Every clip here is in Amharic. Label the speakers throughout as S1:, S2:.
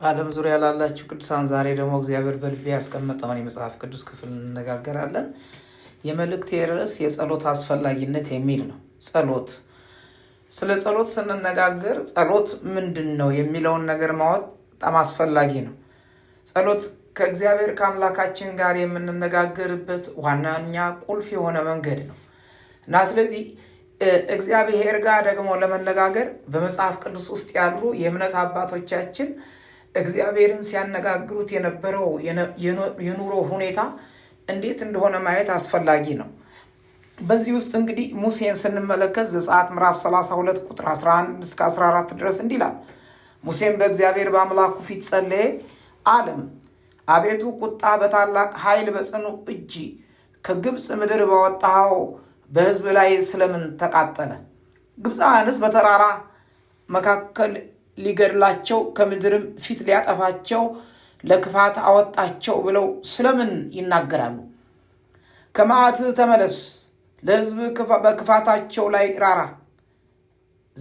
S1: በዓለም ዙሪያ ላላችሁ ቅዱሳን ዛሬ ደግሞ እግዚአብሔር በልቤ ያስቀመጠውን የመጽሐፍ ቅዱስ ክፍል እንነጋገራለን። የመልእክት ርዕስ የጸሎት አስፈላጊነት የሚል ነው። ጸሎት ስለ ጸሎት ስንነጋገር ጸሎት ምንድን ነው የሚለውን ነገር ማወቅ በጣም አስፈላጊ ነው። ጸሎት ከእግዚአብሔር ከአምላካችን ጋር የምንነጋገርበት ዋናኛ ቁልፍ የሆነ መንገድ ነው እና ስለዚህ እግዚአብሔር ጋር ደግሞ ለመነጋገር በመጽሐፍ ቅዱስ ውስጥ ያሉ የእምነት አባቶቻችን እግዚአብሔርን ሲያነጋግሩት የነበረው የኑሮ ሁኔታ እንዴት እንደሆነ ማየት አስፈላጊ ነው። በዚህ ውስጥ እንግዲህ ሙሴን ስንመለከት ዘጸአት ምዕራፍ 32 ቁጥር 11 እስከ 14 ድረስ እንዲህ ይላል። በእግዚአብሔር በአምላኩ ፊት ጸለየ፣ አለም አቤቱ ቁጣ በታላቅ ኃይል በጽኑ እጅ ከግብፅ ምድር ባወጣኸው በሕዝብ ላይ ስለምን ተቃጠለ? ግብፃውያንስ በተራራ መካከል ሊገድላቸው ከምድርም ፊት ሊያጠፋቸው ለክፋት አወጣቸው ብለው ስለምን ይናገራሉ? ከመዓት ተመለስ፣ ለሕዝብ በክፋታቸው ላይ ራራ።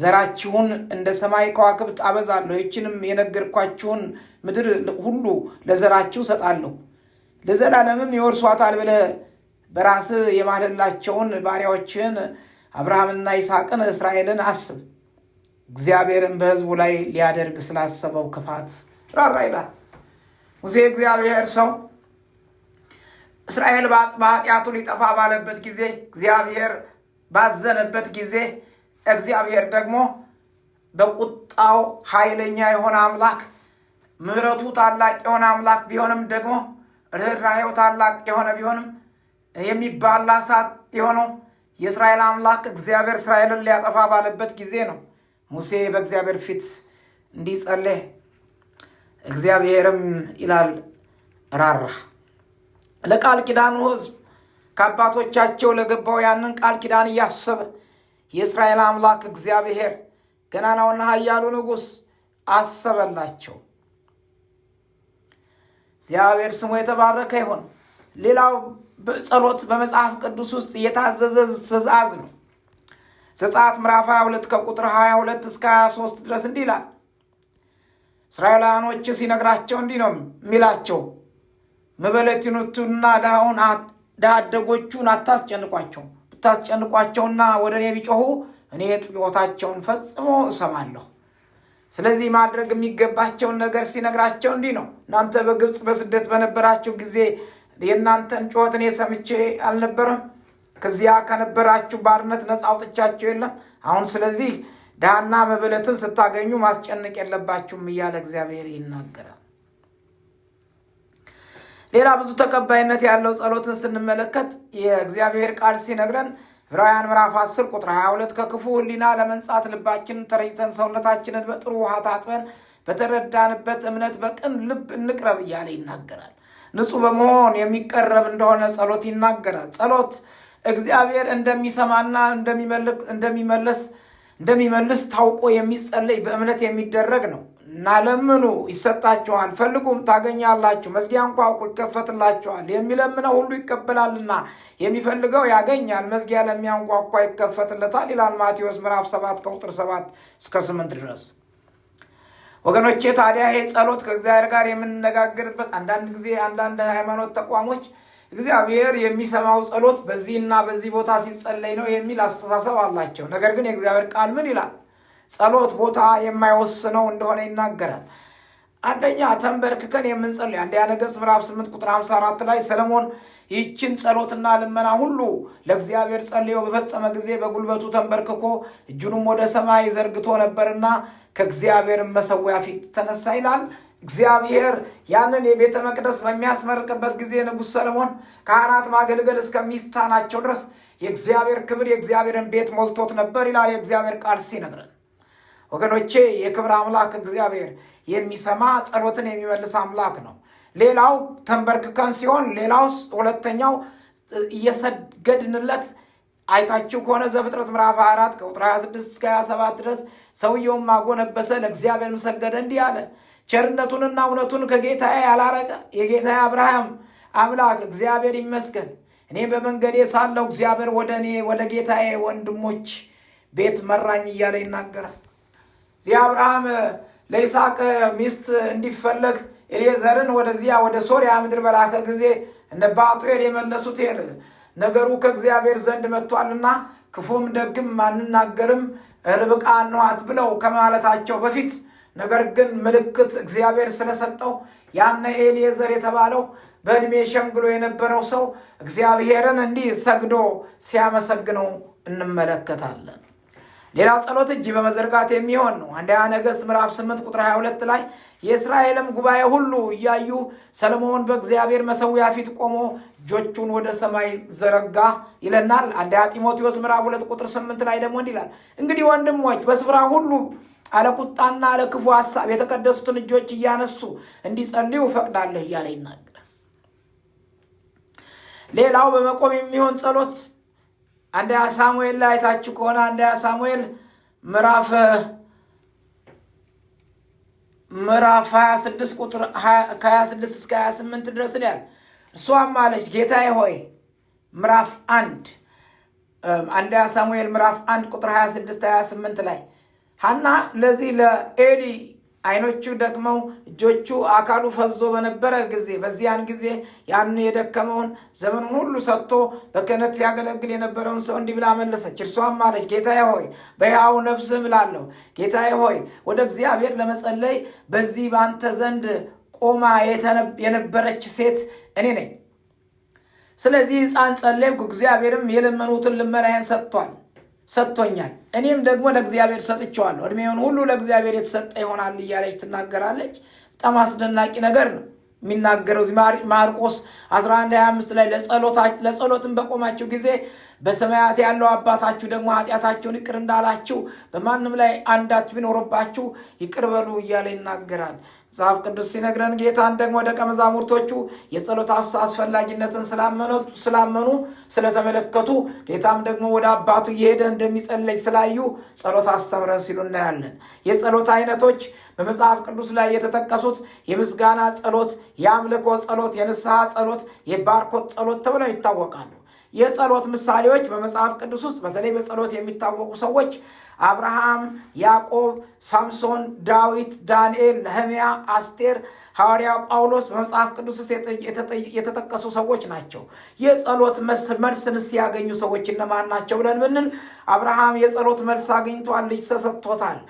S1: ዘራችሁን እንደ ሰማይ ከዋክብት አበዛለሁ፣ ይችንም የነገርኳችሁን ምድር ሁሉ ለዘራችሁ ሰጣለሁ፣ ለዘላለምም ይወርሷታል ብለህ በራስህ የማለላቸውን ባሪያዎችህን አብርሃምና ይስሐቅን እስራኤልን አስብ። እግዚአብሔርን በህዝቡ ላይ ሊያደርግ ስላሰበው ክፋት ራራ ይላል። ሙሴ እግዚአብሔር ሰው እስራኤል በኃጢአቱ ሊጠፋ ባለበት ጊዜ እግዚአብሔር ባዘነበት ጊዜ እግዚአብሔር ደግሞ በቁጣው ኃይለኛ የሆነ አምላክ ምሕረቱ ታላቅ የሆነ አምላክ ቢሆንም ደግሞ ርኅራሄው ታላቅ የሆነ ቢሆንም የሚባላ እሳት የሆነው የእስራኤል አምላክ እግዚአብሔር እስራኤልን ሊያጠፋ ባለበት ጊዜ ነው። ሙሴ በእግዚአብሔር ፊት እንዲጸልህ እግዚአብሔርም ይላል ራራ ለቃል ኪዳኑ ህዝብ ከአባቶቻቸው ለገባው ያንን ቃል ኪዳን እያሰበ የእስራኤል አምላክ እግዚአብሔር ገናናውና ሀያሉ ንጉሥ አሰበላቸው። እግዚአብሔር ስሙ የተባረከ ይሆን ሌላው ጸሎት በመጽሐፍ ቅዱስ ውስጥ የታዘዘ ትእዛዝ ነው። ዘጸአት ምዕራፍ 22 ከቁጥር 22 እስከ 23 ድረስ እንዲህ ይላል። እስራኤላውያኖች ሲነግራቸው እንዲህ ነው የሚላቸው፣ መበለቲኖቹና ድሃውን ድሃ አደጎቹን አታስጨንቋቸው። ብታስጨንቋቸውና ወደ እኔ ቢጮኹ እኔ ጩኸታቸውን ፈጽሞ እሰማለሁ። ስለዚህ ማድረግ የሚገባቸውን ነገር ሲነግራቸው እንዲህ ነው። እናንተ በግብፅ በስደት በነበራችሁ ጊዜ የእናንተን ጩኸት እኔ ሰምቼ አልነበረም? ከዚያ ከነበራችሁ ባርነት ነፃ አውጥቻችሁ የለም? አሁን ስለዚህ ዳና መበለትን ስታገኙ ማስጨነቅ የለባችሁም እያለ እግዚአብሔር ይናገራል። ሌላ ብዙ ተቀባይነት ያለው ጸሎትን ስንመለከት የእግዚአብሔር ቃል ሲነግረን ዕብራውያን ምዕራፍ 10 ቁጥር 22 ከክፉ ሕሊና ለመንጻት ልባችንን ተረጭተን ሰውነታችንን በጥሩ ውሃ ታጥበን በተረዳንበት እምነት በቅን ልብ እንቅረብ እያለ ይናገራል። ንጹህ በመሆን የሚቀረብ እንደሆነ ጸሎት ይናገራል። ጸሎት እግዚአብሔር እንደሚሰማና እንደሚመለስ እንደሚመልስ ታውቆ የሚጸለይ በእምነት የሚደረግ ነው እና ለምኑ ይሰጣችኋል፣ ፈልጉም ታገኛላችሁ፣ መዝጊያ እንኳ ይከፈትላችኋል። የሚለምነው ሁሉ ይቀበላልና የሚፈልገው ያገኛል፣ መዝጊያ ለሚያንኳኳ ይከፈትለታል ይላል ማቴዎስ ምዕራፍ 7 ከቁጥር 7 እስከ 8 ድረስ። ወገኖቼ ታዲያ ይሄ ጸሎት ከእግዚአብሔር ጋር የምንነጋገርበት አንዳንድ ጊዜ አንዳንድ ሃይማኖት ተቋሞች እግዚአብሔር የሚሰማው ጸሎት በዚህና በዚህ ቦታ ሲጸለይ ነው የሚል አስተሳሰብ አላቸው። ነገር ግን የእግዚአብሔር ቃል ምን ይላል? ጸሎት ቦታ የማይወስነው እንደሆነ ይናገራል። አንደኛ ተንበርክከን የምንጸልይ አንደኛ ነገሥት ምዕራፍ 8 ቁጥር 54 ላይ ሰለሞን ይህችን ጸሎትና ልመና ሁሉ ለእግዚአብሔር ጸልዮ በፈጸመ ጊዜ በጉልበቱ ተንበርክኮ እጁንም ወደ ሰማይ ዘርግቶ ነበርና ከእግዚአብሔር መሰዊያ ፊት ተነሳ ይላል። እግዚአብሔር ያንን የቤተ መቅደስ በሚያስመርቅበት ጊዜ ንጉሥ ሰለሞን ካህናት ማገልገል እስከሚስታናቸው ድረስ የእግዚአብሔር ክብር የእግዚአብሔርን ቤት ሞልቶት ነበር ይላል የእግዚአብሔር ቃል ሲነግረን። ወገኖቼ የክብር አምላክ እግዚአብሔር የሚሰማ ጸሎትን የሚመልስ አምላክ ነው። ሌላው ተንበርክከን ሲሆን፣ ሌላው ሁለተኛው እየሰገድንለት አይታችሁ ከሆነ ዘፍጥረት ምዕራፍ 24 ከቁጥር 26 እስከ 27 ድረስ ሰውየውም አጎነበሰ፣ ለእግዚአብሔር ሰገደ እንዲህ አለ ቸርነቱንና እውነቱን ከጌታዬ ያላረቀ የጌታ አብርሃም አምላክ እግዚአብሔር ይመስገን። እኔ በመንገዴ ሳለው እግዚአብሔር ወደ እኔ ወደ ጌታዬ ወንድሞች ቤት መራኝ እያለ ይናገራል። እዚህ አብርሃም ለይስሐቅ ሚስት እንዲፈለግ ኤሌዘርን ወደዚያ ወደ ሶሪያ ምድር በላከ ጊዜ እነ ባቱኤል የመለሱት ነገሩ ከእግዚአብሔር ዘንድ መጥቷልና ክፉም ደግም አንናገርም ርብቃ ነዋት ብለው ከማለታቸው በፊት ነገር ግን ምልክት እግዚአብሔር ስለሰጠው ያነ ኤሊየዘር የተባለው በእድሜ ሸምግሎ የነበረው ሰው እግዚአብሔርን እንዲህ ሰግዶ ሲያመሰግነው እንመለከታለን። ሌላ ጸሎት እጅ በመዘርጋት የሚሆን ነው። አንደኛ ነገሥት ምዕራፍ 8 ቁጥር 22 ላይ የእስራኤልም ጉባኤ ሁሉ እያዩ ሰለሞን በእግዚአብሔር መሰዊያ ፊት ቆሞ እጆቹን ወደ ሰማይ ዘረጋ ይለናል። አንደኛ ጢሞቴዎስ ምዕራፍ 2 ቁጥር 8 ላይ ደግሞ እንዲህ ይላል፣ እንግዲህ ወንድሞች በስፍራ ሁሉ አለቁጣና አለክፉ ሀሳብ የተቀደሱትን እጆች እያነሱ እንዲጸልዩ እፈቅዳለሁ እያለ ይናገራል። ሌላው በመቆም የሚሆን ጸሎት አንደኛ ሳሙኤል ላይ አይታችሁ ከሆነ አንደኛ ሳሙኤል ምዕራፍ ምዕራፍ 26 ቁጥር ከ26 እስከ 28 ድረስ ያል እርሷም አለች ጌታዬ ሆይ ምዕራፍ አንድ አንደኛ ሳሙኤል ምዕራፍ አንድ ቁጥር 26 28 ላይ ሃና ለዚህ ለኤሊ አይኖቹ ደክመው እጆቹ አካሉ ፈዞ በነበረ ጊዜ በዚያን ጊዜ ያን የደከመውን ዘመኑን ሁሉ ሰጥቶ በክህነት ሲያገለግል የነበረውን ሰው እንዲህ ብላ መለሰች። እርሷም አለች፣ ጌታዬ ሆይ በሕያው ነፍስ እምላለሁ። ጌታዬ ሆይ ወደ እግዚአብሔር ለመጸለይ በዚህ በአንተ ዘንድ ቆማ የነበረች ሴት እኔ ነኝ። ስለዚህ ሕፃን ጸለይኩ፣ እግዚአብሔርም የለመኑትን ልመናዬን ሰጥቷል። ሰጥቶኛል፣ እኔም ደግሞ ለእግዚአብሔር ሰጥቼዋለሁ፣ እድሜውን ሁሉ ለእግዚአብሔር የተሰጠ ይሆናል እያለች ትናገራለች። በጣም አስደናቂ ነገር ነው የሚናገረው ማርቆስ 1125 ላይ ለጸሎትን በቆማችሁ ጊዜ በሰማያት ያለው አባታችሁ ደግሞ ኃጢአታችሁን ይቅር እንዳላችሁ በማንም ላይ አንዳች ቢኖርባችሁ ይቅር በሉ እያለ ይናገራል። መጽሐፍ ቅዱስ ሲነግረን ጌታን ደግሞ ደቀ መዛሙርቶቹ የጸሎት አስፈላጊነትን ስላመኑ ስለተመለከቱ ጌታም ደግሞ ወደ አባቱ እየሄደ እንደሚጸለይ ስላዩ ጸሎት አስተምረን ሲሉ እናያለን። የጸሎት አይነቶች በመጽሐፍ ቅዱስ ላይ የተጠቀሱት የምስጋና ጸሎት፣ የአምልኮ ጸሎት፣ የንስሐ ጸሎት፣ የባርኮት ጸሎት ተብለው ይታወቃሉ። የጸሎት ምሳሌዎች በመጽሐፍ ቅዱስ ውስጥ በተለይ በጸሎት የሚታወቁ ሰዎች አብርሃም፣ ያዕቆብ፣ ሳምሶን፣ ዳዊት፣ ዳንኤል፣ ነህምያ፣ አስቴር፣ ሐዋርያው ጳውሎስ በመጽሐፍ ቅዱስ ውስጥ የተጠቀሱ ሰዎች ናቸው። የጸሎት መልስን ያገኙ ሰዎች እነማን ናቸው ብለን ብንል አብርሃም የጸሎት መልስ አግኝቷል፣ ልጅ ተሰጥቶታል።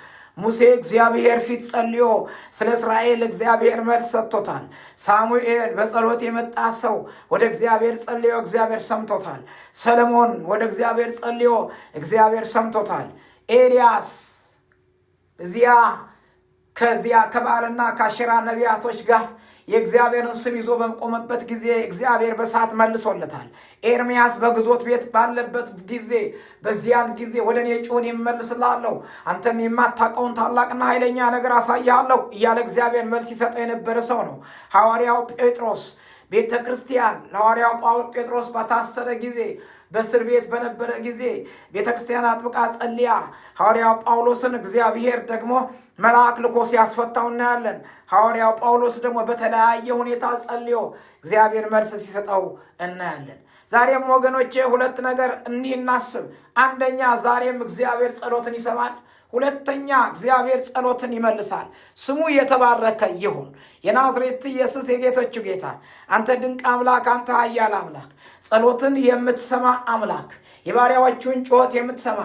S1: ሙሴ እግዚአብሔር ፊት ጸልዮ ስለ እስራኤል እግዚአብሔር መልስ ሰጥቶታል። ሳሙኤል በጸሎት የመጣ ሰው ወደ እግዚአብሔር ጸልዮ እግዚአብሔር ሰምቶታል። ሰለሞን ወደ እግዚአብሔር ጸልዮ እግዚአብሔር ሰምቶታል። ኤልያስ እዚያ ከዚያ ከባልና ከአሽራ ነቢያቶች ጋር የእግዚአብሔርን ስም ይዞ በቆመበት ጊዜ እግዚአብሔር በሰዓት መልሶለታል። ኤርምያስ በግዞት ቤት ባለበት ጊዜ በዚያን ጊዜ ወደ እኔ ጩሁን ይመልስላለሁ፣ አንተም የማታውቀውን ታላቅና ኃይለኛ ነገር አሳያለሁ እያለ እግዚአብሔር መልስ ይሰጠው የነበረ ሰው ነው ሐዋርያው ጴጥሮስ። ቤተ ክርስቲያን ለሐዋርያው ጴጥሮስ በታሰረ ጊዜ በእስር ቤት በነበረ ጊዜ ቤተ ክርስቲያን አጥብቃ ጸልያ ሐዋርያው ጳውሎስን እግዚአብሔር ደግሞ መልአክ ልኮ ሲያስፈታው እናያለን። ሐዋርያው ጳውሎስ ደግሞ በተለያየ ሁኔታ ጸልዮ እግዚአብሔር መልስ ሲሰጠው እናያለን። ዛሬም ወገኖቼ ሁለት ነገር እንዲህ እናስብ። አንደኛ ዛሬም እግዚአብሔር ጸሎትን ይሰማል። ሁለተኛ እግዚአብሔር ጸሎትን ይመልሳል። ስሙ የተባረከ ይሁን። የናዝሬት ኢየሱስ የጌቶቹ ጌታ አንተ ድንቅ አምላክ፣ አንተ ኃያል አምላክ ጸሎትን የምትሰማ አምላክ የባሪያዎችን ጩኸት የምትሰማ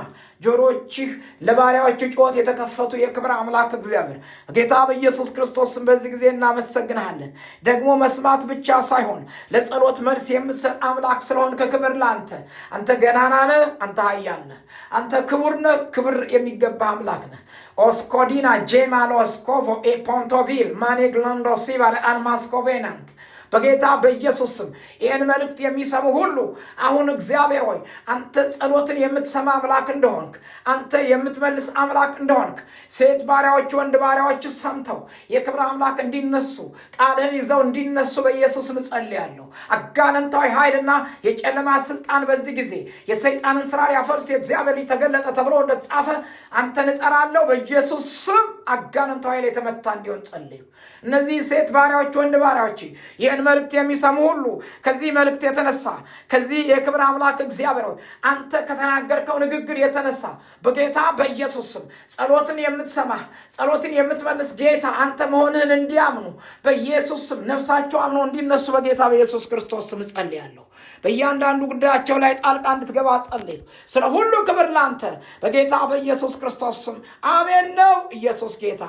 S1: ጆሮችህ ለባሪያዎች ጩኸት የተከፈቱ የክብር አምላክ እግዚአብሔር ጌታ በኢየሱስ ክርስቶስን በዚህ ጊዜ እናመሰግንሃለን። ደግሞ መስማት ብቻ ሳይሆን ለጸሎት መልስ የምትሰጥ አምላክ ስለሆን ከክብር ለአንተ አንተ ገናና ነህ። አንተ ኃያል ነህ። አንተ ክቡር ነህ። ክብር የሚገባ አምላክ ነህ። ኦስኮዲና ጄማሎስኮቮ ኤፖንቶቪል ማኔግሎንዶሲ ባለ አልማስኮቬናንት በጌታ በኢየሱስ ስም ይህን መልእክት የሚሰሙ ሁሉ አሁን እግዚአብሔር ሆይ አንተ ጸሎትን የምትሰማ አምላክ እንደሆንክ አንተ የምትመልስ አምላክ እንደሆንክ ሴት ባሪያዎች፣ ወንድ ባሪያዎች ሰምተው የክብር አምላክ እንዲነሱ ቃልህን ይዘው እንዲነሱ በኢየሱስ እጸልያለሁ። አጋንንታዊ ኃይልና የጨለማ ስልጣን በዚህ ጊዜ የሰይጣንን ስራ ሊያፈርስ የእግዚአብሔር ልጅ ተገለጠ ተብሎ እንደተጻፈ አንተን እጠራለሁ በኢየሱስ ስም። አጋንንታዊ ኃይል የተመታ እንዲሆን ጸልዩ። እነዚህ ሴት ባሪያዎች፣ ወንድ ባሪያዎች ይህን መልእክት የሚሰሙ ሁሉ ከዚህ መልእክት የተነሳ ከዚህ የክብር አምላክ እግዚአብሔር አንተ ከተናገርከው ንግግር የተነሳ በጌታ በኢየሱስ ስም ጸሎትን የምትሰማ ጸሎትን የምትመልስ ጌታ አንተ መሆንህን እንዲያምኑ በኢየሱስ ስም ነፍሳቸው አምኖ እንዲነሱ በጌታ በኢየሱስ ክርስቶስ ስም እጸልያለሁ። በእያንዳንዱ ጉዳያቸው ላይ ጣልቃ እንድትገባ ጸልይ። ስለ ሁሉ ክብር ላንተ በጌታ በኢየሱስ ክርስቶስ ስም አሜን። ነው ኢየሱስ ጌታ